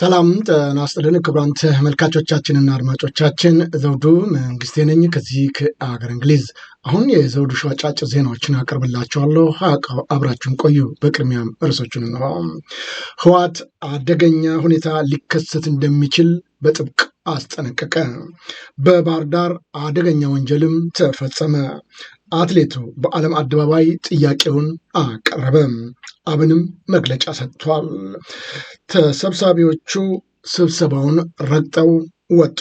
ሰላም ጤና ይስጥልን ክቡራን ተመልካቾቻችንና አድማጮቻችን ዘውዱ መንግስቴ ነኝ ከዚህ ከአገር እንግሊዝ። አሁን የዘውዱ ሾው አጫጭ ዜናዎችን አቀርብላችኋለሁ፣ አብራችሁን ቆዩ። በቅድሚያም እርሶቹን ነው። ህወሓት አደገኛ ሁኔታ ሊከሰት እንደሚችል በጥብቅ አስጠነቀቀ። በባህር ዳር አደገኛ ወንጀልም ተፈጸመ። አትሌቱ በዓለም አደባባይ ጥያቄውን አቀረበም። አብንም መግለጫ ሰጥቷል። ተሰብሳቢዎቹ ስብሰባውን ረግጠው ወጡ።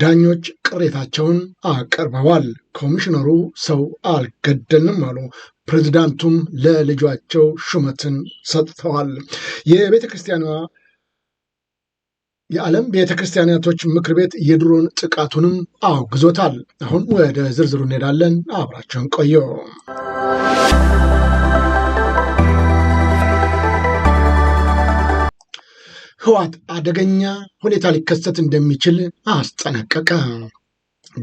ዳኞች ቅሬታቸውን አቀርበዋል። ኮሚሽነሩ ሰው አልገደልንም አሉ። ፕሬዚዳንቱም ለልጇቸው ሹመትን ሰጥተዋል። የቤተ ክርስቲያኗ የዓለም ቤተ ክርስቲያናቶች ምክር ቤት የድሮን ጥቃቱንም አውግዞታል። አሁን ወደ ዝርዝሩ እንሄዳለን። አብራቸውን ቆዩ። ህዋት አደገኛ ሁኔታ ሊከሰት እንደሚችል አስጠነቀቀ።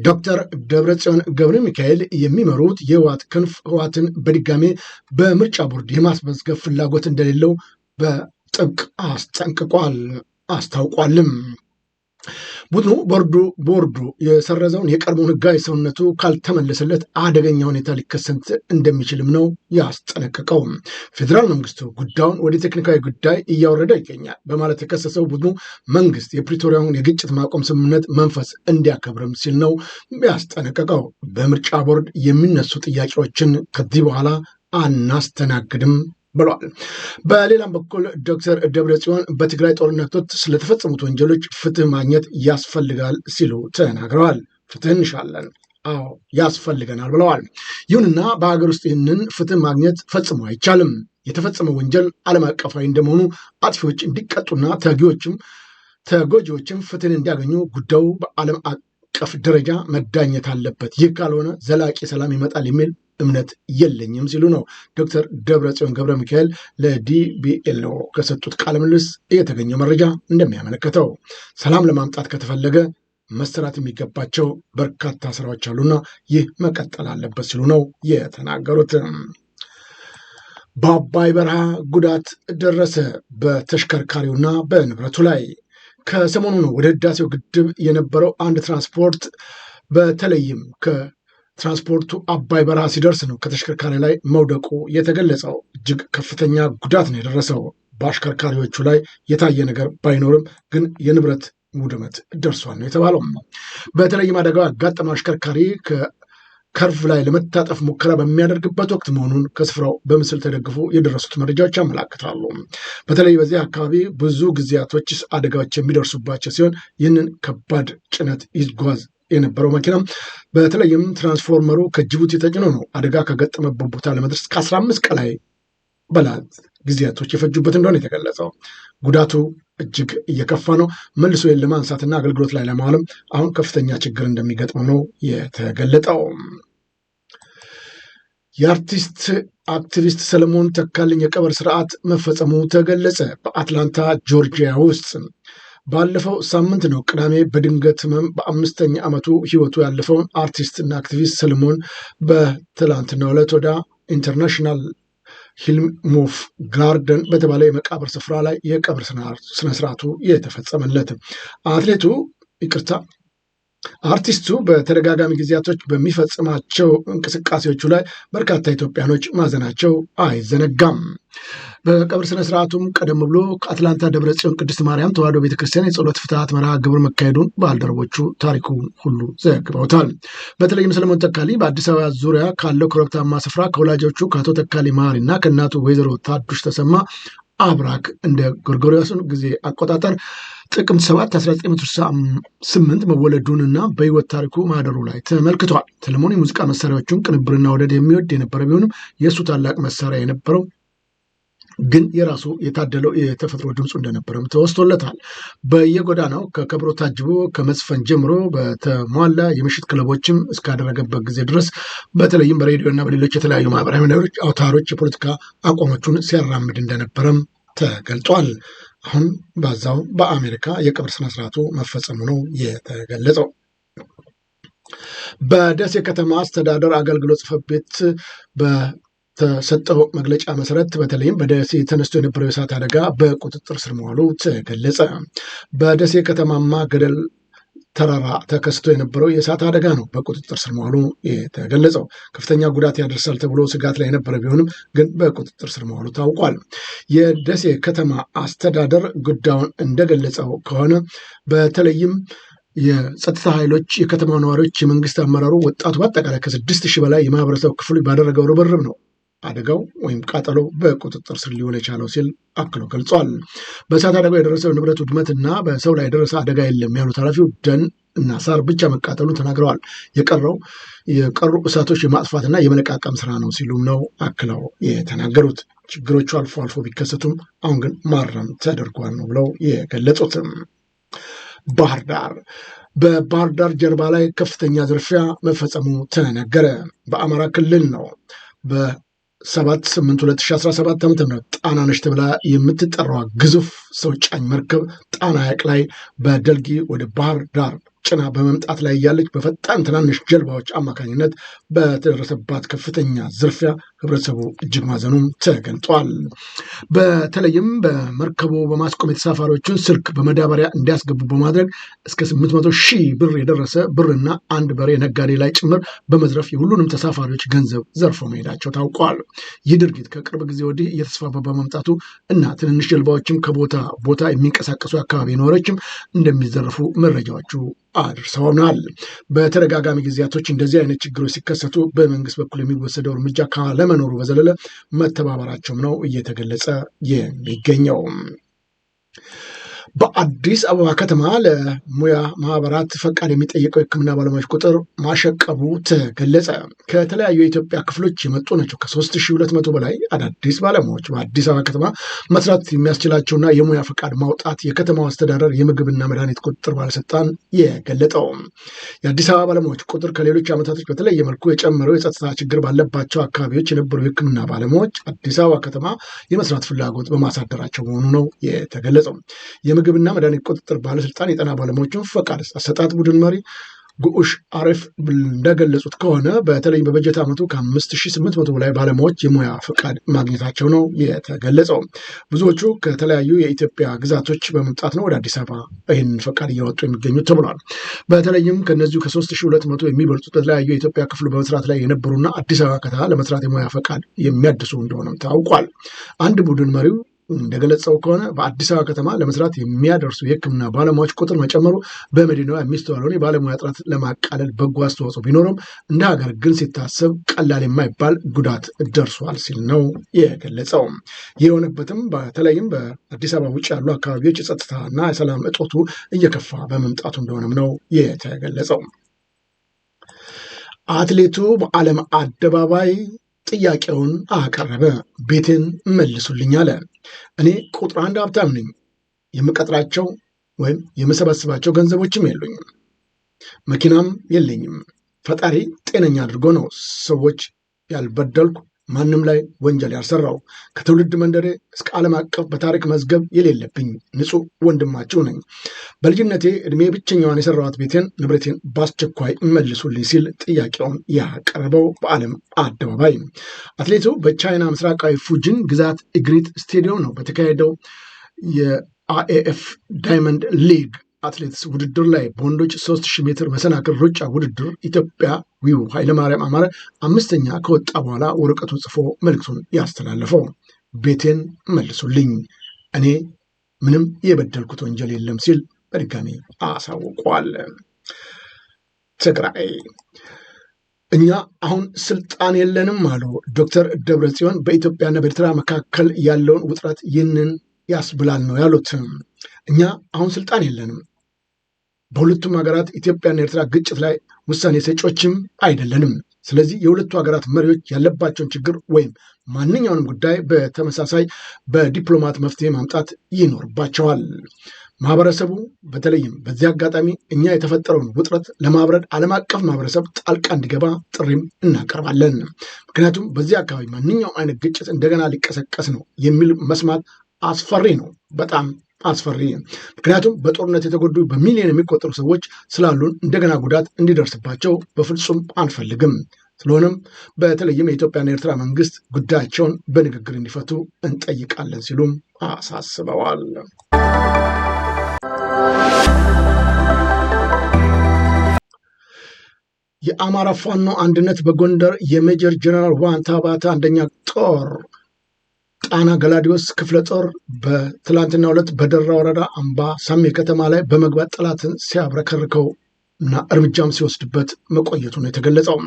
ዶክተር ደብረጽዮን ገብረ ሚካኤል የሚመሩት የህዋት ክንፍ ህዋትን በድጋሜ በምርጫ ቦርድ የማስመዝገብ ፍላጎት እንደሌለው በጥብቅ አስጠንቅቋል። አስታውቋልም። ቡድኑ ቦርዱ ቦርዱ የሰረዘውን የቀድሞውን ህጋዊ ሰውነቱ ካልተመለሰለት አደገኛ ሁኔታ ሊከሰት እንደሚችልም ነው ያስጠነቀቀው። ፌዴራል መንግስቱ ጉዳዩን ወደ ቴክኒካዊ ጉዳይ እያወረደ ይገኛል በማለት የከሰሰው ቡድኑ መንግስት የፕሪቶሪያውን የግጭት ማቆም ስምምነት መንፈስ እንዲያከብርም ሲል ነው ያስጠነቀቀው። በምርጫ ቦርድ የሚነሱ ጥያቄዎችን ከዚህ በኋላ አናስተናግድም ብሏል። በሌላም በኩል ዶክተር ደብረጽዮን በትግራይ ጦርነቶች ስለተፈጸሙት ወንጀሎች ፍትህ ማግኘት ያስፈልጋል ሲሉ ተናግረዋል። ፍትህ እንሻለን አዎ ያስፈልገናል ብለዋል። ይሁንና በሀገር ውስጥ ይህንን ፍትህ ማግኘት ፈጽሞ አይቻልም። የተፈጸመ ወንጀል ዓለም አቀፋዊ እንደመሆኑ አጥፊዎች እንዲቀጡና ተጊዎችም ተጎጂዎችም ፍትህን እንዲያገኙ ጉዳዩ በዓለም አቀፍ ደረጃ መዳኘት አለበት። ይህ ካልሆነ ዘላቂ ሰላም ይመጣል የሚል እምነት የለኝም ሲሉ ነው ዶክተር ደብረጽዮን ገብረ ሚካኤል ለዲቢኤልኦ ከሰጡት ቃለ ምልልስ የተገኘው መረጃ እንደሚያመለክተው ሰላም ለማምጣት ከተፈለገ መሰራት የሚገባቸው በርካታ ስራዎች አሉና ይህ መቀጠል አለበት ሲሉ ነው የተናገሩት። በአባይ በረሃ ጉዳት ደረሰ በተሽከርካሪውና በንብረቱ ላይ። ከሰሞኑ ነው ወደ ህዳሴው ግድብ የነበረው አንድ ትራንስፖርት በተለይም ትራንስፖርቱ አባይ በረሃ ሲደርስ ነው ከተሽከርካሪ ላይ መውደቁ የተገለጸው። እጅግ ከፍተኛ ጉዳት ነው የደረሰው። በአሽከርካሪዎቹ ላይ የታየ ነገር ባይኖርም ግን የንብረት ውድመት ደርሷል ነው የተባለው። በተለይም አደጋው ያጋጠመው አሽከርካሪ ከከርቭ ላይ ለመታጠፍ ሙከራ በሚያደርግበት ወቅት መሆኑን ከስፍራው በምስል ተደግፎ የደረሱት መረጃዎች ያመላክታሉ። በተለይ በዚህ አካባቢ ብዙ ጊዜያቶች አደጋዎች የሚደርሱባቸው ሲሆን ይህንን ከባድ ጭነት ይጓዝ የነበረው መኪና በተለይም ትራንስፎርመሩ ከጅቡቲ ተጭኖ ነው አደጋ ከገጠመበት ቦታ ለመድረስ ከ15 ቀላይ በላት ጊዜያቶች የፈጁበት እንደሆነ የተገለጸው ጉዳቱ እጅግ እየከፋ ነው። መልሶ ለማንሳትና አገልግሎት ላይ ለማዋልም አሁን ከፍተኛ ችግር እንደሚገጥመው ነው የተገለጠው። የአርቲስት አክቲቪስት ሰለሞን ተካልኝ የቀብር ስርዓት መፈጸሙ ተገለጸ። በአትላንታ ጆርጂያ ውስጥ ባለፈው ሳምንት ነው ቅዳሜ በድንገት ህመም በአምስተኛ ዓመቱ ህይወቱ ያለፈውን አርቲስት እና አክቲቪስት ሰለሞን በትላንትናው ዕለት ወደ ኢንተርናሽናል ሂልም ጋርደን በተባለ የመቃብር ስፍራ ላይ የቀብር ስነስርዓቱ የተፈጸመለት አትሌቱ ይቅርታ አርቲስቱ በተደጋጋሚ ጊዜያቶች በሚፈጽማቸው እንቅስቃሴዎቹ ላይ በርካታ ኢትዮጵያኖች ማዘናቸው አይዘነጋም። በቀብር ስነ ስርዓቱም ቀደም ብሎ ከአትላንታ ደብረ ጽዮን ቅድስት ማርያም ተዋሕዶ ቤተክርስቲያን የጸሎት ፍትሐት መርሃ ግብር መካሄዱን ባልደረቦቹ ታሪኩ ሁሉ ዘግበውታል። በተለይም ሰለሞን ተካሊ በአዲስ አበባ ዙሪያ ካለው ኮረብታማ ስፍራ ከወላጆቹ ከአቶ ተካሊ መሀሪ እና ከእናቱ ወይዘሮ ታዱሽ ተሰማ አብራክ እንደ ጎርጎሪያሱን ጊዜ አቆጣጠር ጥቅምት 7 1968 መወለዱንና በህይወት ታሪኩ ማህደሩ ላይ ተመልክቷል። ሰለሞን የሙዚቃ መሳሪያዎቹን ቅንብርና ወደድ የሚወድ የነበረ ቢሆንም የእሱ ታላቅ መሳሪያ የነበረው ግን የራሱ የታደለው የተፈጥሮ ድምፁ እንደነበረም ተወስቶለታል። በየጎዳናው ከከብሮ ታጅቦ ከመዝፈን ጀምሮ በተሟላ የምሽት ክለቦችም እስካደረገበት ጊዜ ድረስ በተለይም በሬዲዮና በሌሎች የተለያዩ ማህበራዊ ነገሮች አውታሮች የፖለቲካ አቋሞቹን ሲያራምድ እንደነበረም ተገልጧል። አሁን በዛው በአሜሪካ የቅብር ስነስርዓቱ መፈጸሙ ነው የተገለጸው። በደሴ ከተማ አስተዳደር አገልግሎት ጽሕፈት ቤት በተሰጠው መግለጫ መሰረት በተለይም በደሴ ተነስቶ የነበረው የእሳት አደጋ በቁጥጥር ስር መዋሉ ተገለጸ። በደሴ ከተማማ ገደል ተራራ ተከስቶ የነበረው የእሳት አደጋ ነው በቁጥጥር ስር መዋሉ የተገለጸው። ከፍተኛ ጉዳት ያደርሳል ተብሎ ስጋት ላይ የነበረ ቢሆንም ግን በቁጥጥር ስር መዋሉ ታውቋል። የደሴ ከተማ አስተዳደር ጉዳዩን እንደገለጸው ከሆነ በተለይም የጸጥታ ኃይሎች፣ የከተማው ነዋሪዎች፣ የመንግስት አመራሩ፣ ወጣቱ በአጠቃላይ ከስድስት ሺህ በላይ የማህበረሰብ ክፍሉ ባደረገው ርብርብ ነው አደጋው ወይም ቃጠሎ በቁጥጥር ስር ሊሆን የቻለው ሲል አክሎ ገልጿል። በእሳት አደጋው የደረሰው ንብረት እና በሰው ላይ የደረሰ አደጋ የለም ያሉት ኃላፊው ደን እና ሳር ብቻ መቃጠሉ ተናግረዋል። የቀረው የቀሩ እሳቶች የማጥፋትና የመለቃቀም ስራ ነው ሲሉም ነው አክለው የተናገሩት። ችግሮቹ አልፎ አልፎ ቢከሰቱም አሁን ግን ማረም ተደርጓል ነው ብለው የገለጹትም። ባህር ዳር በባህር ዳር ጀልባ ላይ ከፍተኛ ዝርፊያ መፈጸሙ ተነገረ። በአማራ ክልል ነው ሰባት ስምንት ሁለት ሺ አስራ ሰባት ዓመተ ምህረት ተብላ የምትጠራዋ ግዙፍ ሰው ጫኝ መርከብ ጣና ሐይቅ ላይ በደልጊ ወደ ባህር ዳር ጭና በመምጣት ላይ ያለች በፈጣን ትናንሽ ጀልባዎች አማካኝነት በተደረሰባት ከፍተኛ ዝርፊያ ህብረተሰቡ እጅግ ማዘኑም ተገልጧል። በተለይም በመርከቡ በማስቆም የተሳፋሪዎቹን ስልክ በመዳበሪያ እንዲያስገቡ በማድረግ እስከ 800 ሺህ ብር የደረሰ ብርና አንድ በሬ ነጋዴ ላይ ጭምር በመዝረፍ የሁሉንም ተሳፋሪዎች ገንዘብ ዘርፎ መሄዳቸው ታውቋል። ይህ ድርጊት ከቅርብ ጊዜ ወዲህ እየተስፋፋ በመምጣቱ እና ትንንሽ ጀልባዎችም ከቦታ ቦታ የሚንቀሳቀሱ አካባቢ ነዋሪዎችም እንደሚዘረፉ መረጃዎቹ አድርሰውናል። በተደጋጋሚ ጊዜያቶች እንደዚህ አይነት ችግሮች ሲከሰቱ በመንግስት በኩል የሚወሰደው እርምጃ ካለመኖሩ በዘለለ መተባበራቸውም ነው እየተገለጸ የሚገኘው። በአዲስ አበባ ከተማ ለሙያ ማህበራት ፈቃድ የሚጠይቀው የሕክምና ባለሙያዎች ቁጥር ማሸቀቡ ተገለጸ። ከተለያዩ የኢትዮጵያ ክፍሎች የመጡ ናቸው። ከ3200 በላይ አዳዲስ ባለሙያዎች በአዲስ አበባ ከተማ መስራት የሚያስችላቸውና የሙያ ፈቃድ ማውጣት የከተማው አስተዳደር የምግብና መድኃኒት ቁጥጥር ባለስልጣን የገለጠው የአዲስ አበባ ባለሙያዎች ቁጥር ከሌሎች ዓመታቶች በተለየ መልኩ የጨመረው የጸጥታ ችግር ባለባቸው አካባቢዎች የነበሩ የሕክምና ባለሙያዎች አዲስ አበባ ከተማ የመስራት ፍላጎት በማሳደራቸው መሆኑ ነው የተገለጸው። የምግብና መድኃኒት ቁጥጥር ባለስልጣን የጤና ባለሙያዎችን ፈቃድ አሰጣጥ ቡድን መሪ ጉዑሽ አሪፍ እንደገለጹት ከሆነ በተለይም በበጀት ዓመቱ ከ5800 በላይ ባለሙያዎች የሙያ ፈቃድ ማግኘታቸው ነው የተገለጸው። ብዙዎቹ ከተለያዩ የኢትዮጵያ ግዛቶች በመምጣት ነው ወደ አዲስ አበባ ይህን ፈቃድ እያወጡ የሚገኙት ተብሏል። በተለይም ከነዚሁ ከ3200 የሚበልጡ በተለያዩ የኢትዮጵያ ክፍሉ በመስራት ላይ የነበሩና አዲስ አበባ ከተማ ለመስራት የሙያ ፈቃድ የሚያድሱ እንደሆነም ታውቋል። አንድ ቡድን መሪው እንደገለጸው ከሆነ በአዲስ አበባ ከተማ ለመስራት የሚያደርሱ የሕክምና ባለሙያዎች ቁጥር መጨመሩ በመዲናዋ የሚስተዋለውን የባለሙያ እጥረት ለማቃለል በጎ አስተዋጽኦ ቢኖርም እንደ ሀገር ግን ሲታሰብ ቀላል የማይባል ጉዳት ደርሷል ሲል ነው የገለጸው። ይህ የሆነበትም በተለይም በአዲስ አበባ ውጭ ያሉ አካባቢዎች የጸጥታና የሰላም እጦቱ እየከፋ በመምጣቱ እንደሆነም ነው የተገለጸው። አትሌቱ በዓለም አደባባይ ጥያቄውን አቀረበ። ቤቴን መልሱልኝ አለ። እኔ ቁጥር አንድ ሀብታም ነኝ። የምቀጥራቸው ወይም የምሰበስባቸው ገንዘቦችም የሉኝም፣ መኪናም የለኝም። ፈጣሪ ጤነኛ አድርጎ ነው ሰዎች ያልበደልኩ ማንም ላይ ወንጀል ያልሰራው ከትውልድ መንደሬ እስከ ዓለም አቀፍ በታሪክ መዝገብ የሌለብኝ ንጹህ ወንድማችሁ ነኝ። በልጅነቴ እድሜ ብቸኛዋን የሰራዋት ቤቴን ንብረቴን በአስቸኳይ መልሱልኝ ሲል ጥያቄውን ያቀረበው በዓለም አደባባይ አትሌቱ በቻይና ምስራቃዊ ፉጅን ግዛት እግሪት ስቴዲዮም ነው በተካሄደው የአኤኤፍ ዳይመንድ ሊግ አትሌቲክስ ውድድር ላይ በወንዶች 3000 ሜትር መሰናክል ሩጫ ውድድር ኢትዮጵያዊው ኃይለማርያም አማረ አምስተኛ ከወጣ በኋላ ወረቀቱ ጽፎ መልክቱን ያስተላለፈው ቤቴን መልሱልኝ፣ እኔ ምንም የበደልኩት ወንጀል የለም ሲል በድጋሚ አሳውቋል። ትግራይ እኛ አሁን ስልጣን የለንም አሉ ዶክተር ደብረጽዮን በኢትዮጵያና በኤርትራ መካከል ያለውን ውጥረት ይህንን ያስብላል ነው ያሉት። እኛ አሁን ስልጣን የለንም በሁለቱም ሀገራት ኢትዮጵያና ኤርትራ ግጭት ላይ ውሳኔ ሰጪዎችም አይደለንም። ስለዚህ የሁለቱ ሀገራት መሪዎች ያለባቸውን ችግር ወይም ማንኛውንም ጉዳይ በተመሳሳይ በዲፕሎማት መፍትሄ ማምጣት ይኖርባቸዋል። ማህበረሰቡ በተለይም በዚህ አጋጣሚ እኛ የተፈጠረውን ውጥረት ለማብረድ ዓለም አቀፍ ማህበረሰብ ጣልቃ እንዲገባ ጥሪም እናቀርባለን። ምክንያቱም በዚህ አካባቢ ማንኛውም አይነት ግጭት እንደገና ሊቀሰቀስ ነው የሚል መስማት አስፈሪ ነው፣ በጣም አስፈሪ። ምክንያቱም በጦርነት የተጎዱ በሚሊዮን የሚቆጠሩ ሰዎች ስላሉን እንደገና ጉዳት እንዲደርስባቸው በፍጹም አንፈልግም። ስለሆነም በተለይም የኢትዮጵያና የኤርትራ መንግስት ጉዳያቸውን በንግግር እንዲፈቱ እንጠይቃለን ሲሉም አሳስበዋል። የአማራ ፋኖ አንድነት በጎንደር የሜጀር ጀነራል ዋንታ ባታ አንደኛ ጦር ጣና ገላዲዮስ ክፍለ ጦር በትላንትና ሁለት በደራ ወረዳ አምባ ሳሜ ከተማ ላይ በመግባት ጠላትን ሲያብረከርከው እና እርምጃም ሲወስድበት መቆየቱ ነው የተገለጸው።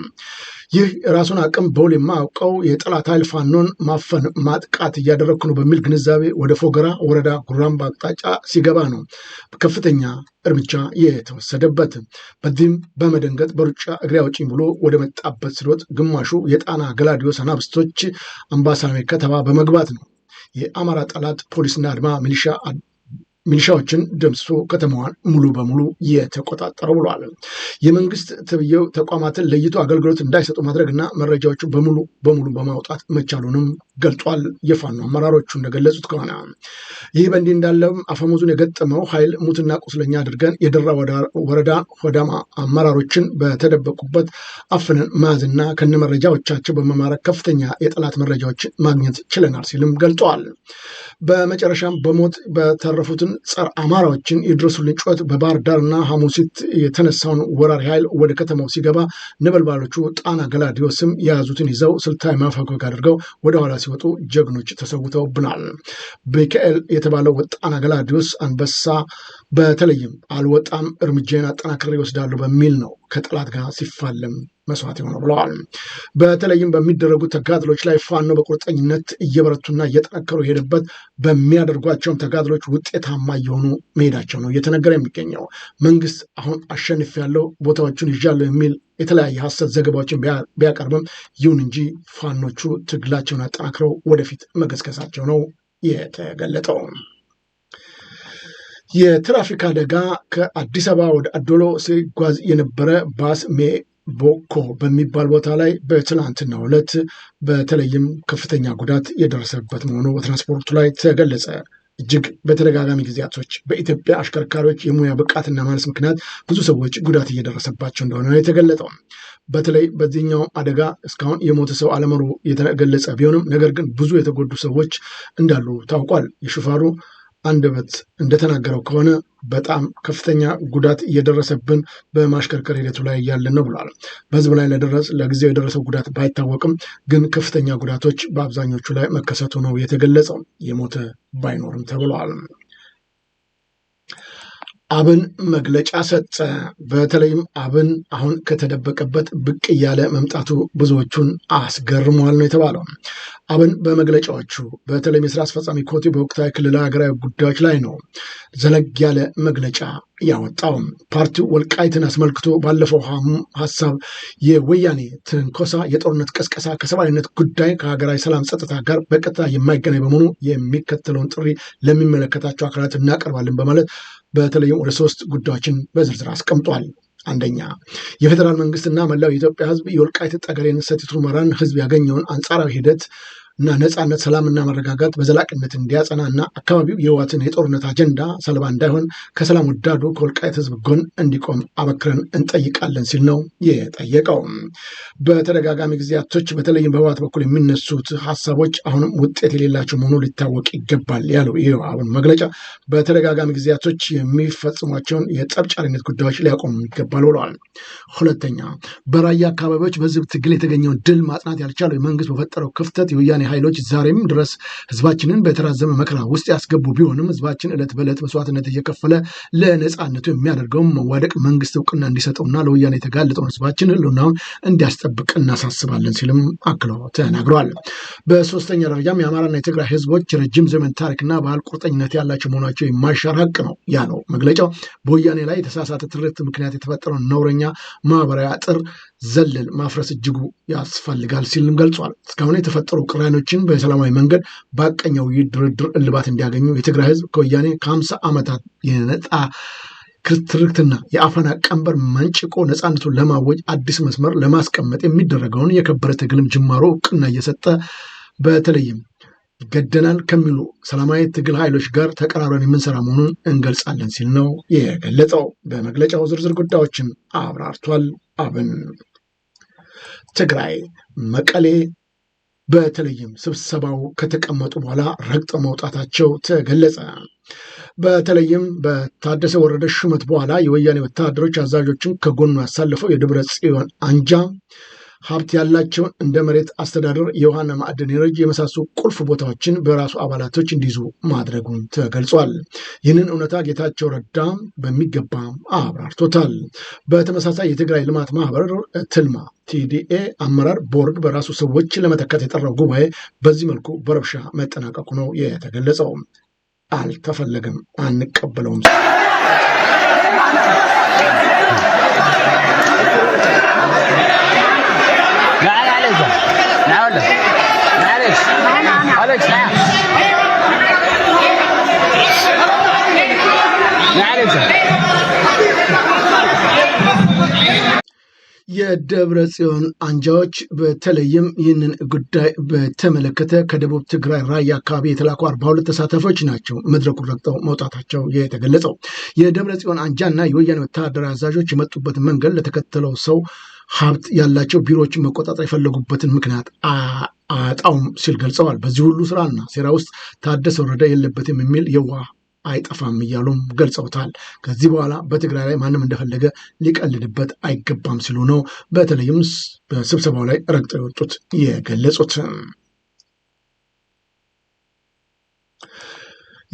ይህ የራሱን አቅም በውል የማያውቀው የጠላት ኃይል ፋኖን ማፈን ማጥቃት እያደረግኩ ነው በሚል ግንዛቤ ወደ ፎገራ ወረዳ ጉራምባ አቅጣጫ ሲገባ ነው ከፍተኛ እርምጃ የተወሰደበት። በዚህም በመደንገጥ በሩጫ እግሬ አውጪኝ ብሎ ወደ መጣበት ስሮጥ ግማሹ የጣና ገላዲዮ ሰናብስቶች አምባሳሜ ከተማ በመግባት ነው የአማራ ጠላት ፖሊስና አድማ ሚሊሻ ሚሊሻዎችን ደምስሶ ከተማዋን ሙሉ በሙሉ የተቆጣጠረው ብሏል። የመንግስት ተብዬው ተቋማትን ለይቶ አገልግሎት እንዳይሰጡ ማድረግና መረጃዎቹ በሙሉ በሙሉ በማውጣት መቻሉንም ገልጿል። የፋኖ አመራሮቹ እንደገለጹት ከሆነ ይህ በእንዲህ እንዳለም አፈሙዙን የገጠመው ኃይል ሙትና ቁስለኛ አድርገን የደራ ወረዳ ሆዳማ አመራሮችን በተደበቁበት አፍነን መያዝና ከነመረጃዎቻቸው በመማረክ ከፍተኛ የጠላት መረጃዎች ማግኘት ችለናል ሲልም ገልጠዋል። በመጨረሻም በሞት በተረፉትን ጸረ አማራዎችን የድረሱልን ጩኸት በባህር ዳርና ሐሙሲት የተነሳውን ወራሪ ኃይል ወደ ከተማው ሲገባ ነበልባሎቹ ጣና ገላዲዮስም የያዙትን ይዘው ስልታዊ ማፈጎግ አድርገው ወደኋላ ሲ የማትመጡ ጀግኖች ተሰውተውብናል። ሚካኤል የተባለው ወጣን ገላዲዮስ አንበሳ በተለይም አልወጣም እርምጃን አጠናክሬ ይወስዳሉ በሚል ነው ከጠላት ጋር ሲፋለም መስዋዕት የሆነው ብለዋል። በተለይም በሚደረጉ ተጋድሎች ላይ ፋኖ በቁርጠኝነት እየበረቱና እየጠነከሩ ሄደበት በሚያደርጓቸውም ተጋድሎች ውጤታማ እየሆኑ መሄዳቸው ነው እየተነገረ የሚገኘው። መንግስት አሁን አሸንፍ ያለው ቦታዎቹን ይዣለሁ የሚል የተለያየ ሀሰት ዘገባዎችን ቢያቀርብም ይሁን እንጂ ፋኖቹ ትግላቸውን አጠናክረው ወደፊት መገስገሳቸው ነው የተገለጠው። የትራፊክ አደጋ ከአዲስ አበባ ወደ አዶሎ ሲጓዝ የነበረ ባስ ቦኮ በሚባል ቦታ ላይ በትናንትናው ዕለት በተለይም ከፍተኛ ጉዳት የደረሰበት መሆኑ በትራንስፖርቱ ላይ ተገለጸ። እጅግ በተደጋጋሚ ጊዜያቶች በኢትዮጵያ አሽከርካሪዎች የሙያ ብቃትና ማነስ ምክንያት ብዙ ሰዎች ጉዳት እየደረሰባቸው እንደሆነ የተገለጠው። በተለይ በዚህኛው አደጋ እስካሁን የሞተ ሰው አለመኖሩ የተገለጸ ቢሆንም ነገር ግን ብዙ የተጎዱ ሰዎች እንዳሉ ታውቋል። የሽፋሩ አንደበት እንደተናገረው ከሆነ በጣም ከፍተኛ ጉዳት እየደረሰብን በማሽከርከር ሂደቱ ላይ እያለን ነው ብሏል። በህዝብ ላይ ለደረስ ለጊዜው የደረሰው ጉዳት ባይታወቅም ግን ከፍተኛ ጉዳቶች በአብዛኞቹ ላይ መከሰቱ ነው የተገለጸው። የሞተ ባይኖርም ተብለዋል። አብን መግለጫ ሰጠ። በተለይም አብን አሁን ከተደበቀበት ብቅ እያለ መምጣቱ ብዙዎቹን አስገርሟል ነው የተባለው። አብን በመግለጫዎቹ በተለይም የስራ አስፈጻሚ ኮሚቴ በወቅታዊ ክልላዊ ሀገራዊ ጉዳዮች ላይ ነው ዘለግ ያለ መግለጫ ያወጣው። ፓርቲው ወልቃይትን አስመልክቶ ባለፈው ሀሳብ የወያኔ ትንኮሳ፣ የጦርነት ቀስቀሳ ከሰብአዊነት ጉዳይ ከሀገራዊ ሰላም ጸጥታ ጋር በቀጥታ የማይገናኝ በመሆኑ የሚከተለውን ጥሪ ለሚመለከታቸው አካላት እናቀርባለን በማለት በተለይም ወደ ሶስት ጉዳዮችን በዝርዝር አስቀምጧል። አንደኛ የፌዴራል መንግስትና መላው የኢትዮጵያ ህዝብ የወልቃይት ጠገዴን ሰቲት ሁመራን ህዝብ ያገኘውን አንጻራዊ ሂደት እና ነጻነት፣ ሰላምና መረጋጋት በዘላቅነት እንዲያጸና እና አካባቢው የህወሓትን የጦርነት አጀንዳ ሰለባ እንዳይሆን ከሰላም ወዳዱ ከወልቃይት ህዝብ ጎን እንዲቆም አበክረን እንጠይቃለን ሲል ነው የጠየቀው። በተደጋጋሚ ጊዜያቶች በተለይም በህወሓት በኩል የሚነሱት ሀሳቦች አሁንም ውጤት የሌላቸው መሆኑ ሊታወቅ ይገባል ያለው ይህ አሁን መግለጫ በተደጋጋሚ ጊዜያቶች የሚፈጽሟቸውን የጸብ ጉዳዮች ሊያቆሙ ይገባል ብለዋል። ሁለተኛ፣ በራያ አካባቢዎች በህዝብ ትግል የተገኘውን ድል ማጽናት ያልቻለው መንግስት በፈጠረው ክፍተት የወያኔ ኃይሎች ዛሬም ድረስ ህዝባችንን በተራዘመ መከራ ውስጥ ያስገቡ ቢሆንም ህዝባችን ዕለት በዕለት መስዋዕትነት እየከፈለ ለነፃነቱ የሚያደርገውን መዋደቅ መንግስት እውቅና እንዲሰጠውና ለወያኔ የተጋለጠውን ህዝባችን ህልናውን እንዲያስጠብቅ እናሳስባለን ሲልም አክሎ ተናግረዋል። በሶስተኛ ደረጃም የአማራና የትግራይ ህዝቦች ረጅም ዘመን ታሪክና ባህል ቁርጠኝነት ያላቸው መሆናቸው የማይሻር ሀቅ ነው ያለው መግለጫው በወያኔ ላይ የተሳሳተ ትርክት ምክንያት የተፈጠረውን ነውረኛ ማህበራዊ አጥር ዘለል ማፍረስ እጅጉ ያስፈልጋል ሲልም ገልጿል። እስካሁን የተፈጠሩ ቅራኔዎችን በሰላማዊ መንገድ በቀኛው ድርድር እልባት እንዲያገኙ የትግራይ ህዝብ ከወያኔ ከሀምሳ ዓመታት የነጣ ክትርክትና የአፈና ቀንበር መንጭቆ ነፃነቱን ለማወጅ አዲስ መስመር ለማስቀመጥ የሚደረገውን የከበረ ትግልም ጅማሮ እውቅና እየሰጠ በተለይም ገደናል ከሚሉ ሰላማዊ ትግል ኃይሎች ጋር ተቀራረን የምንሰራ መሆኑን እንገልጻለን ሲል ነው የገለጸው። በመግለጫው ዝርዝር ጉዳዮችን አብራርቷል። አብን ትግራይ መቀሌ በተለይም ስብሰባው ከተቀመጡ በኋላ ረግጠው መውጣታቸው ተገለጸ። በተለይም በታደሰ ወረደ ሹመት በኋላ የወያኔ ወታደሮች አዛዦችን ከጎኑ ያሳለፈው የደብረ ጽዮን አንጃ ሀብት ያላቸውን እንደ መሬት አስተዳደር፣ የውሃና ማዕድን፣ ኢነርጂ የመሳሰሉ ቁልፍ ቦታዎችን በራሱ አባላቶች እንዲይዙ ማድረጉን ተገልጿል። ይህንን እውነታ ጌታቸው ረዳ በሚገባ አብራርቶታል። በተመሳሳይ የትግራይ ልማት ማህበር ትልማ ቲዲኤ አመራር ቦርድ በራሱ ሰዎች ለመተካት የጠራው ጉባኤ በዚህ መልኩ በረብሻ መጠናቀቁ ነው የተገለጸው። አልተፈለገም፣ አንቀበለውም። የደብረ ጽዮን አንጃዎች በተለይም ይህንን ጉዳይ በተመለከተ ከደቡብ ትግራይ ራያ አካባቢ የተላኩ አርባ ሁለት ተሳታፊዎች ናቸው መድረኩን ረግጠው መውጣታቸው የተገለጸው። የደብረ ጽዮን አንጃ እና የወያኔ ወታደራዊ አዛዦች የመጡበት መንገድ ለተከተለው ሰው ሀብት ያላቸው ቢሮዎችን መቆጣጠር የፈለጉበትን ምክንያት አጣውም ሲል ገልጸዋል። በዚህ ሁሉ ስራና ሴራ ውስጥ ታደሰ ወረደ የለበትም የሚል የዋ አይጠፋም እያሉም ገልጸውታል። ከዚህ በኋላ በትግራይ ላይ ማንም እንደፈለገ ሊቀልድበት አይገባም ሲሉ ነው በተለይም በስብሰባው ላይ ረግጠው የወጡት የገለጹት።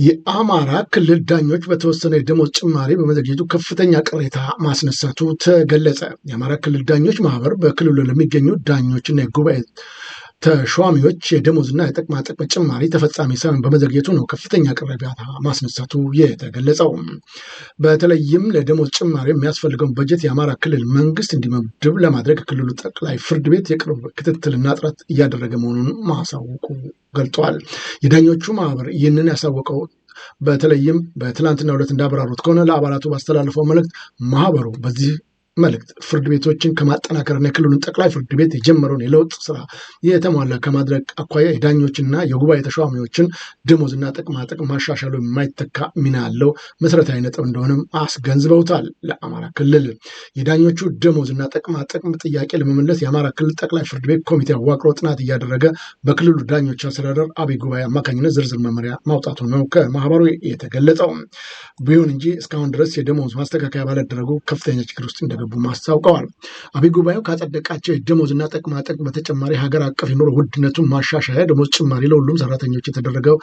የአማራ ክልል ዳኞች በተወሰነ የደሞዝ ጭማሪ በመዘግየቱ ከፍተኛ ቅሬታ ማስነሳቱ ተገለጸ። የአማራ ክልል ዳኞች ማህበር በክልሉ ለሚገኙ ዳኞችና የጉባኤ ተሿሚዎች የደሞዝና የጥቅማጥቅም ጥቅም ጭማሪ ተፈጻሚ ሳይሆን በመዘግየቱ ነው ከፍተኛ ቅሬታ ማስነሳቱ የተገለጸው። በተለይም ለደሞዝ ጭማሪ የሚያስፈልገውን በጀት የአማራ ክልል መንግስት እንዲመድብ ለማድረግ ክልሉ ጠቅላይ ፍርድ ቤት የቅርብ ክትትልና ጥረት እያደረገ መሆኑን ማሳወቁ ገልጧል። የዳኞቹ ማህበር ይህንን ያሳወቀው በተለይም በትላንትና ዕለት እንዳብራሩት ከሆነ ለአባላቱ ባስተላለፈው መልእክት ማህበሩ በዚህ መልእክት ፍርድ ቤቶችን ከማጠናከርና የክልሉን ጠቅላይ ፍርድ ቤት የጀመረውን የለውጥ ስራ የተሟላ ከማድረግ አኳያ የዳኞችና የጉባኤ ተሿሚዎችን ደሞዝና ጥቅማጥቅም ማሻሻሉ የማይተካ ሚና ያለው መሰረታዊ ነጥብ እንደሆነም አስገንዝበውታል። ለአማራ ክልል የዳኞቹ ደሞዝና ጥቅማጥቅም ጥያቄ ለመመለስ የአማራ ክልል ጠቅላይ ፍርድ ቤት ኮሚቴ አዋቅሮ ጥናት እያደረገ በክልሉ ዳኞች አስተዳደር አብይ ጉባኤ አማካኝነት ዝርዝር መመሪያ ማውጣቱ ነው ከማህበሩ የተገለጠው። ቢሆን እንጂ እስካሁን ድረስ የደሞዝ ማስተካከያ ባለደረጉ ከፍተኛ ችግር ውስጥ እንደገ እንደሚያቀርቡም አስታውቀዋል። አብይ ጉባኤው ካጸደቃቸው የደሞዝና ጥቅማጥቅም በተጨማሪ ሀገር አቀፍ የኑሮ ውድነቱን ማሻሻያ ደሞዝ ጭማሪ ለሁሉም ሰራተኞች የተደረገው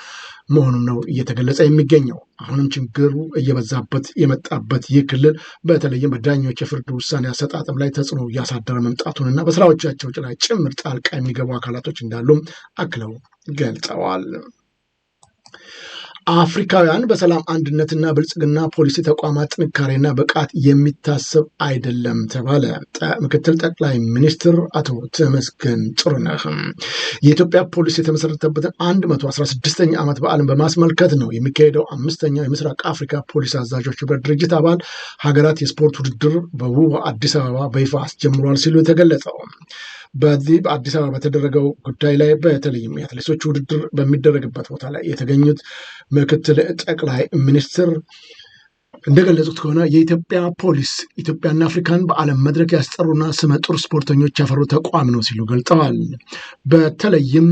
መሆኑን ነው እየተገለጸ የሚገኘው። አሁንም ችግሩ እየበዛበት የመጣበት ይህ ክልል በተለይም በዳኞች የፍርድ ውሳኔ አሰጣጥም ላይ ተጽዕኖ እያሳደረ መምጣቱንና በስራዎቻቸው ላይ ጭምር ጣልቃ የሚገቡ አካላቶች እንዳሉም አክለው ገልጸዋል። አፍሪካውያን በሰላም አንድነትና ብልጽግና ፖሊሲ ተቋማት ጥንካሬና ብቃት የሚታሰብ አይደለም ተባለ። ምክትል ጠቅላይ ሚኒስትር አቶ ተመስገን ጥሩነህ የኢትዮጵያ ፖሊስ የተመሰረተበትን 116ኛ ዓመት በዓልን በማስመልከት ነው የሚካሄደው አምስተኛው የምስራቅ አፍሪካ ፖሊስ አዛዦች ህብረት ድርጅት አባል ሀገራት የስፖርት ውድድር በውብ አዲስ አበባ በይፋ አስጀምሯል ሲሉ የተገለጸው በዚህ በአዲስ አበባ በተደረገው ጉዳይ ላይ በተለይም የአትሌቶች ውድድር በሚደረግበት ቦታ ላይ የተገኙት ምክትል ጠቅላይ ሚኒስትር እንደገለጹት ከሆነ የኢትዮጵያ ፖሊስ ኢትዮጵያና አፍሪካን በዓለም መድረክ ያስጠሩና ስመጡር ስፖርተኞች ያፈሩ ተቋም ነው ሲሉ ገልጠዋል። በተለይም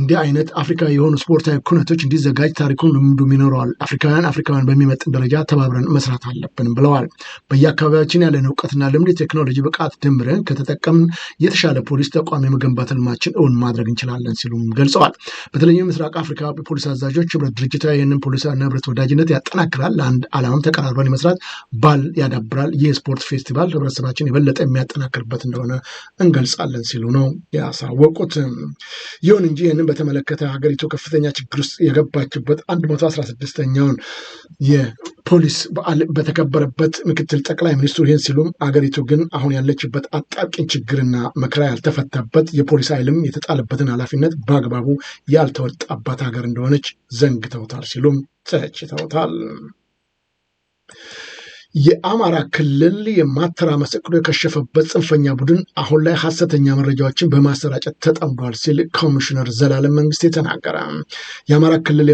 እንዲህ አይነት አፍሪካዊ የሆኑ ስፖርታዊ ኩነቶች እንዲዘጋጅ ታሪኩን ልምዱም ይኖረዋል። አፍሪካውያን አፍሪካውያን በሚመጥን ደረጃ ተባብረን መስራት አለብን ብለዋል። በየአካባቢያችን ያለን እውቀትና ልምድ፣ የቴክኖሎጂ ብቃት ድምርን ከተጠቀምን የተሻለ ፖሊስ ተቋም የመገንባት ልማችን እውን ማድረግ እንችላለን ሲሉም ገልጸዋል። በተለይም ምስራቅ አፍሪካ ፖሊስ አዛዦች ህብረት ድርጅታዊ ይህንን ፖሊስ ህብረት ወዳጅነት ያጠናክራል፣ ለአንድ አላማም ተቀራርበን የመስራት ባል ያዳብራል። ይህ የስፖርት ፌስቲቫል ህብረተሰባችን የበለጠ የሚያጠናክርበት እንደሆነ እንገልጻለን ሲሉ ነው ያሳወቁት። ይሁን እንጂ ይህንን በተመለከተ ሀገሪቱ ከፍተኛ ችግር ውስጥ የገባችበት አንድ መቶ አስራ ስድስተኛውን የፖሊስ በዓል በተከበረበት ምክትል ጠቅላይ ሚኒስትሩ ይህን ሲሉም አገሪቱ ግን አሁን ያለችበት አጣብቂኝ ችግርና መከራ ያልተፈታበት የፖሊስ ኃይልም የተጣለበትን ኃላፊነት በአግባቡ ያልተወጣባት ሀገር እንደሆነች ዘንግተውታል ሲሉም ተችተውታል። የአማራ ክልል የማተራመስ እቅዶ የከሸፈበት ጽንፈኛ ቡድን አሁን ላይ ሀሰተኛ መረጃዎችን በማሰራጨት ተጠምዷል ሲል ኮሚሽነር ዘላለም መንግስት የተናገረ የአማራ ክልል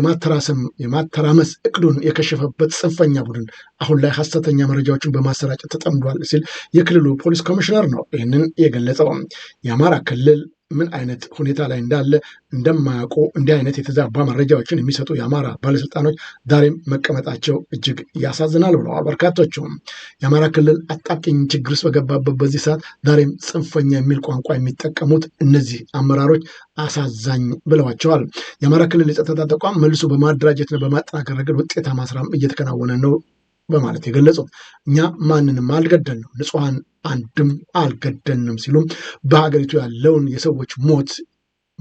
የማተራመስ እቅዱን የከሸፈበት ጽንፈኛ ቡድን አሁን ላይ ሀሰተኛ መረጃዎችን በማሰራጨት ተጠምዷል ሲል የክልሉ ፖሊስ ኮሚሽነር ነው ይህንን የገለጸው። የአማራ ክልል ምን አይነት ሁኔታ ላይ እንዳለ እንደማያውቁ እንዲህ አይነት የተዛባ መረጃዎችን የሚሰጡ የአማራ ባለስልጣኖች ዛሬም መቀመጣቸው እጅግ ያሳዝናል ብለዋል። በርካቶቹም የአማራ ክልል አጣብቂኝ ችግር ውስጥ በገባበት በዚህ ሰዓት ዛሬም ጽንፈኛ የሚል ቋንቋ የሚጠቀሙት እነዚህ አመራሮች አሳዛኝ ብለዋቸዋል። የአማራ ክልል የጸጥታ ተቋም መልሶ በማደራጀትና በማጠናከር ረገድ ውጤታማ ስራም እየተከናወነ ነው በማለት የገለጹት እኛ ማንንም አልገደልንም፣ ንጹሐን አንድም አልገደልንም ሲሉም በሀገሪቱ ያለውን የሰዎች ሞት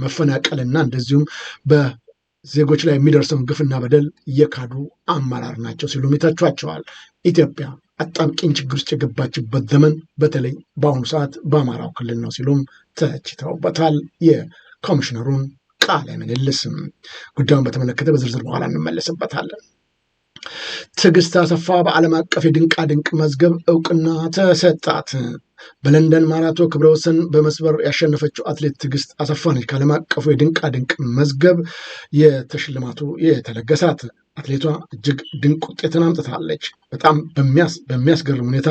መፈናቀልና እንደዚሁም በዜጎች ላይ የሚደርሰውን ግፍና በደል እየካዱ አመራር ናቸው ሲሉም ይተቿቸዋል። ኢትዮጵያ አጣብቂኝ ችግር ውስጥ የገባችበት ዘመን በተለይ በአሁኑ ሰዓት በአማራው ክልል ነው ሲሉም ተችተውበታል። የኮሚሽነሩን ቃለ ምልልስም ጉዳዩን በተመለከተ በዝርዝር በኋላ እንመለስበታለን። ትዕግስት አሰፋ በዓለም አቀፍ የድንቃ ድንቅ መዝገብ እውቅና ተሰጣት። በለንደን ማራቶ ክብረ ወሰን በመስበር ያሸነፈችው አትሌት ትዕግስት አሰፋ ነች ከዓለም አቀፉ የድንቃ ድንቅ መዝገብ የተሽልማቱ የተለገሳት። አትሌቷ እጅግ ድንቅ ውጤትን አምጥታለች። በጣም በሚያስገርም ሁኔታ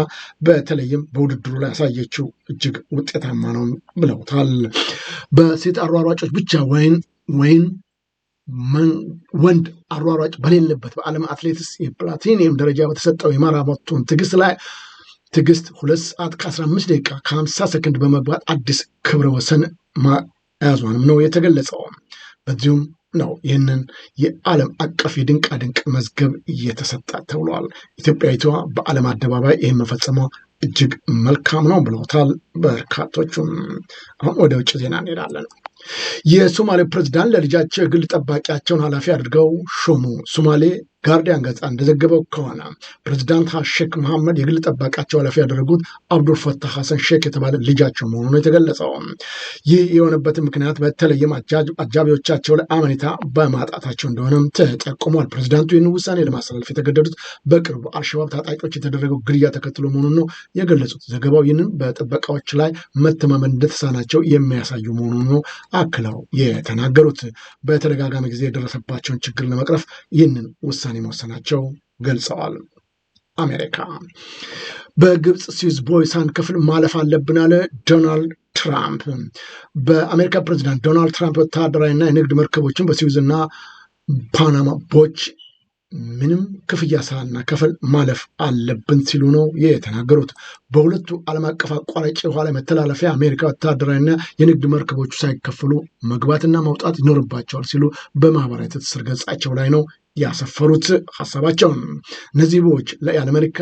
በተለይም በውድድሩ ላይ ያሳየችው እጅግ ውጤታማ ነው ብለውታል። በሴት አሯሯጮች ብቻ ወይን ወይን ወንድ አሯሯጭ በሌለበት በዓለም አትሌቲክስ የፕላቲኒየም ደረጃ በተሰጠው የማራቶን ትግስት ላይ ትግስት ሁለት ሰዓት ከ15 ደቂቃ ከ50 ሰከንድ በመግባት አዲስ ክብረ ወሰን መያዟንም ነው የተገለጸው። በዚሁም ነው ይህንን የዓለም አቀፍ የድንቃድንቅ መዝገብ እየተሰጠ ተብሏል። ኢትዮጵያዊቷ በዓለም አደባባይ ይህን መፈጸሟ እጅግ መልካም ነው ብለውታል በርካቶቹም። አሁን ወደ ውጭ ዜና እንሄዳለን። የሶማሌ ፕሬዝዳንት ለልጃቸው የግል ጠባቂያቸውን ኃላፊ አድርገው ሾሙ። ሶማሌ ጋርዲያን ገጻ እንደዘገበው ከሆነ ፕሬዚዳንት ሼክ መሐመድ የግል ጠባቃቸው ኃላፊ ያደረጉት አብዱል ፈታህ ሐሰን ሼክ የተባለ ልጃቸው መሆኑ ነው የተገለጸው። ይህ የሆነበት ምክንያት በተለይም አጃቢዎቻቸው ላይ አመኔታ በማጣታቸው እንደሆነም ተጠቁሟል። ፕሬዚዳንቱ ይህን ውሳኔ ለማስተላለፍ የተገደዱት በቅርቡ አልሸባብ ታጣቂዎች የተደረገው ግድያ ተከትሎ መሆኑን ነው የገለጹት። ዘገባው ይህንን በጥበቃዎች ላይ መተማመን እንደተሳናቸው የሚያሳዩ መሆኑን ነው አክለው የተናገሩት። በተደጋጋሚ ጊዜ የደረሰባቸውን ችግር ለመቅረፍ ይህንን ውሳኔ ውሳኔ መወሰናቸው ገልጸዋል። አሜሪካ በግብፅ ስዊዝ ቦይሳን ክፍል ማለፍ አለብን አለ ዶናልድ ትራምፕ። በአሜሪካ ፕሬዚዳንት ዶናልድ ትራምፕ ወታደራዊና የንግድ መርከቦችን በስዊዝና ፓናማ ቦች ምንም ክፍያ ሳናከፍል ማለፍ አለብን ሲሉ ነው የተናገሩት። በሁለቱ ዓለም አቀፍ አቋራጭ የኋላ መተላለፊያ አሜሪካ ወታደራዊና የንግድ መርከቦቹ ሳይከፍሉ መግባትና መውጣት ይኖርባቸዋል ሲሉ በማህበራዊ ትስስር ገጻቸው ላይ ነው ያሰፈሩት ሀሳባቸውን። እነዚህ ቦዎች ያለ አሜሪካ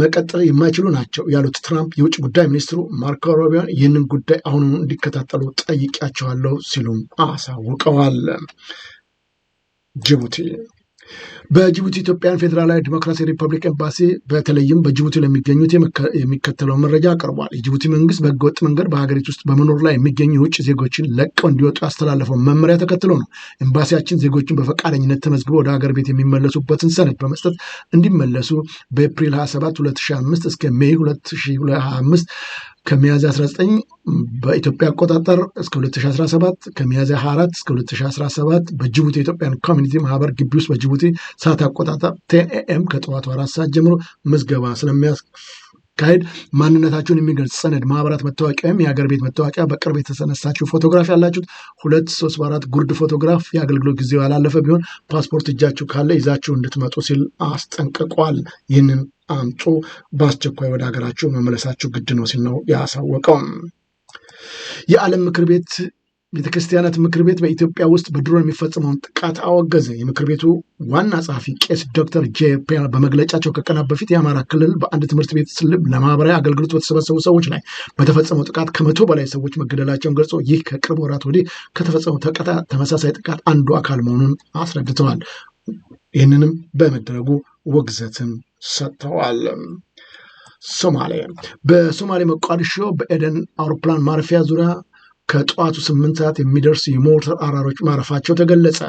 መቀጠል የማይችሉ ናቸው ያሉት ትራምፕ የውጭ ጉዳይ ሚኒስትሩ ማርኮ ሮቢያን ይህንን ጉዳይ አሁኑ እንዲከታተሉ ጠይቂያቸዋለሁ ሲሉም አሳውቀዋል። ጅቡቲ በጅቡቲ ኢትዮጵያን ፌዴራላዊ ዲሞክራሲ ሪፐብሊክ ኤምባሲ በተለይም በጅቡቲ ለሚገኙት የሚከተለው መረጃ አቅርቧል። የጅቡቲ መንግስት በህገወጥ መንገድ በሀገሪቱ ውስጥ በመኖር ላይ የሚገኙ የውጭ ዜጎችን ለቀው እንዲወጡ ያስተላለፈው መመሪያ ተከትሎ ነው። ኤምባሲያችን ዜጎችን በፈቃደኝነት ተመዝግበው ወደ ሀገር ቤት የሚመለሱበትን ሰነድ በመስጠት እንዲመለሱ በኤፕሪል 27 2005 እስከ ሜይ 2025 ከሚያዝያ 19 በኢትዮጵያ አቆጣጠር እስከ 2017 ከሚያዝያ 24 እስከ 2017 በጅቡቲ የኢትዮጵያን ኮሚኒቲ ማህበር ግቢ ውስጥ በጅቡቲ ሰዓት አቆጣጠር ቴኤም ኤኤም ከጠዋቱ አራት ሰዓት ጀምሮ ምዝገባ ስለሚያካሄድ ማንነታችሁን የሚገልጽ ሰነድ፣ ማህበራት መታወቂያ ወይም የሀገር ቤት መታወቂያ፣ በቅርብ የተሰነሳችሁ ፎቶግራፍ ያላችሁት ሁለት ሶስት በአራት ጉርድ ፎቶግራፍ የአገልግሎት ጊዜው ያላለፈ ቢሆን ፓስፖርት እጃችሁ ካለ ይዛችሁ እንድትመጡ ሲል አስጠንቅቋል። ይህንን አምጡ፣ በአስቸኳይ ወደ ሀገራችሁ መመለሳችሁ ግድ ነው ሲል ነው ያሳወቀው። የዓለም ምክር ቤት ቤተክርስቲያናት ምክር ቤት በኢትዮጵያ ውስጥ በድሮን የሚፈጸመውን ጥቃት አወገዘ። የምክር ቤቱ ዋና ጸሐፊ ቄስ ዶክተር ጄ በመግለጫቸው ከቀናት በፊት የአማራ ክልል በአንድ ትምህርት ቤት ስልብ ለማህበራዊ አገልግሎት በተሰበሰቡ ሰዎች ላይ በተፈጸመው ጥቃት ከመቶ በላይ ሰዎች መገደላቸውን ገልጾ ይህ ከቅርብ ወራት ወዲህ ከተፈጸመው ተመሳሳይ ጥቃት አንዱ አካል መሆኑን አስረድተዋል። ይህንንም በመደረጉ ውግዘትም ሰጥተዋል። ሶማሌ በሶማሌ መቋዲሾ በኤደን አውሮፕላን ማረፊያ ዙሪያ ከጠዋቱ ስምንት ሰዓት የሚደርስ የሞርተር አራሮች ማረፋቸው ተገለጸ።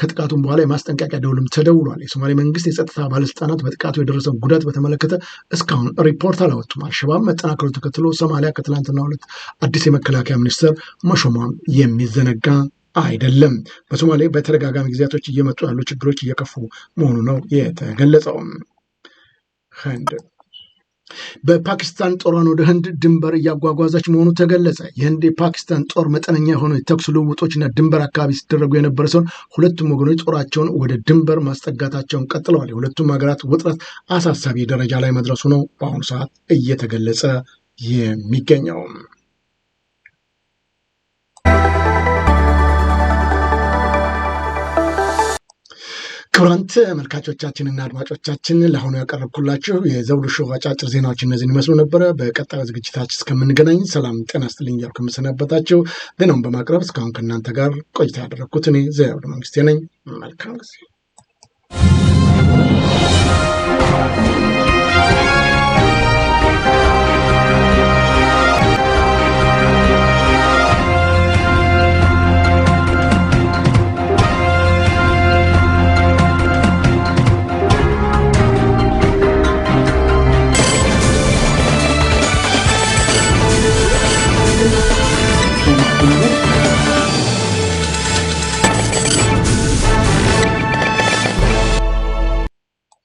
ከጥቃቱም በኋላ የማስጠንቀቂያ ደውልም ተደውሏል። የሶማሌ መንግስት የጸጥታ ባለስልጣናት በጥቃቱ የደረሰው ጉዳት በተመለከተ እስካሁን ሪፖርት አላወጡም። አልሸባብ መጠናከሉ ተከትሎ ሶማሊያ ከትላንትና ሁለት አዲስ የመከላከያ ሚኒስትር መሾሟም የሚዘነጋ አይደለም። በሶማሌ በተደጋጋሚ ጊዜያቶች እየመጡ ያሉ ችግሮች እየከፉ መሆኑ ነው የተገለጸው። ህንድ በፓኪስታን ጦሯን ወደ ህንድ ድንበር እያጓጓዛች መሆኑ ተገለጸ። የህንድ የፓኪስታን ጦር መጠነኛ የሆኑ የተኩስ ልውውጦችና ድንበር አካባቢ ሲደረጉ የነበረ ሲሆን ሁለቱም ወገኖች ጦራቸውን ወደ ድንበር ማስጠጋታቸውን ቀጥለዋል። የሁለቱም ሀገራት ውጥረት አሳሳቢ ደረጃ ላይ መድረሱ ነው በአሁኑ ሰዓት እየተገለጸ የሚገኘው። ክቡራን ተመልካቾቻችንና አድማጮቻችን ለአሁኑ ያቀረብኩላችሁ የዘውዱ ሾው አጫጭር ዜናዎች እነዚህን ይመስሉ ነበረ። በቀጣዩ ዝግጅታችን እስከምንገናኝ ሰላም ጤና ስጥልኝ እያልኩ የምሰናበታችሁ ዜናውን በማቅረብ እስካሁን ከእናንተ ጋር ቆይታ ያደረግኩት እኔ ዘውዱ መንግስቴ ነኝ። መልካም ጊዜ Thank you.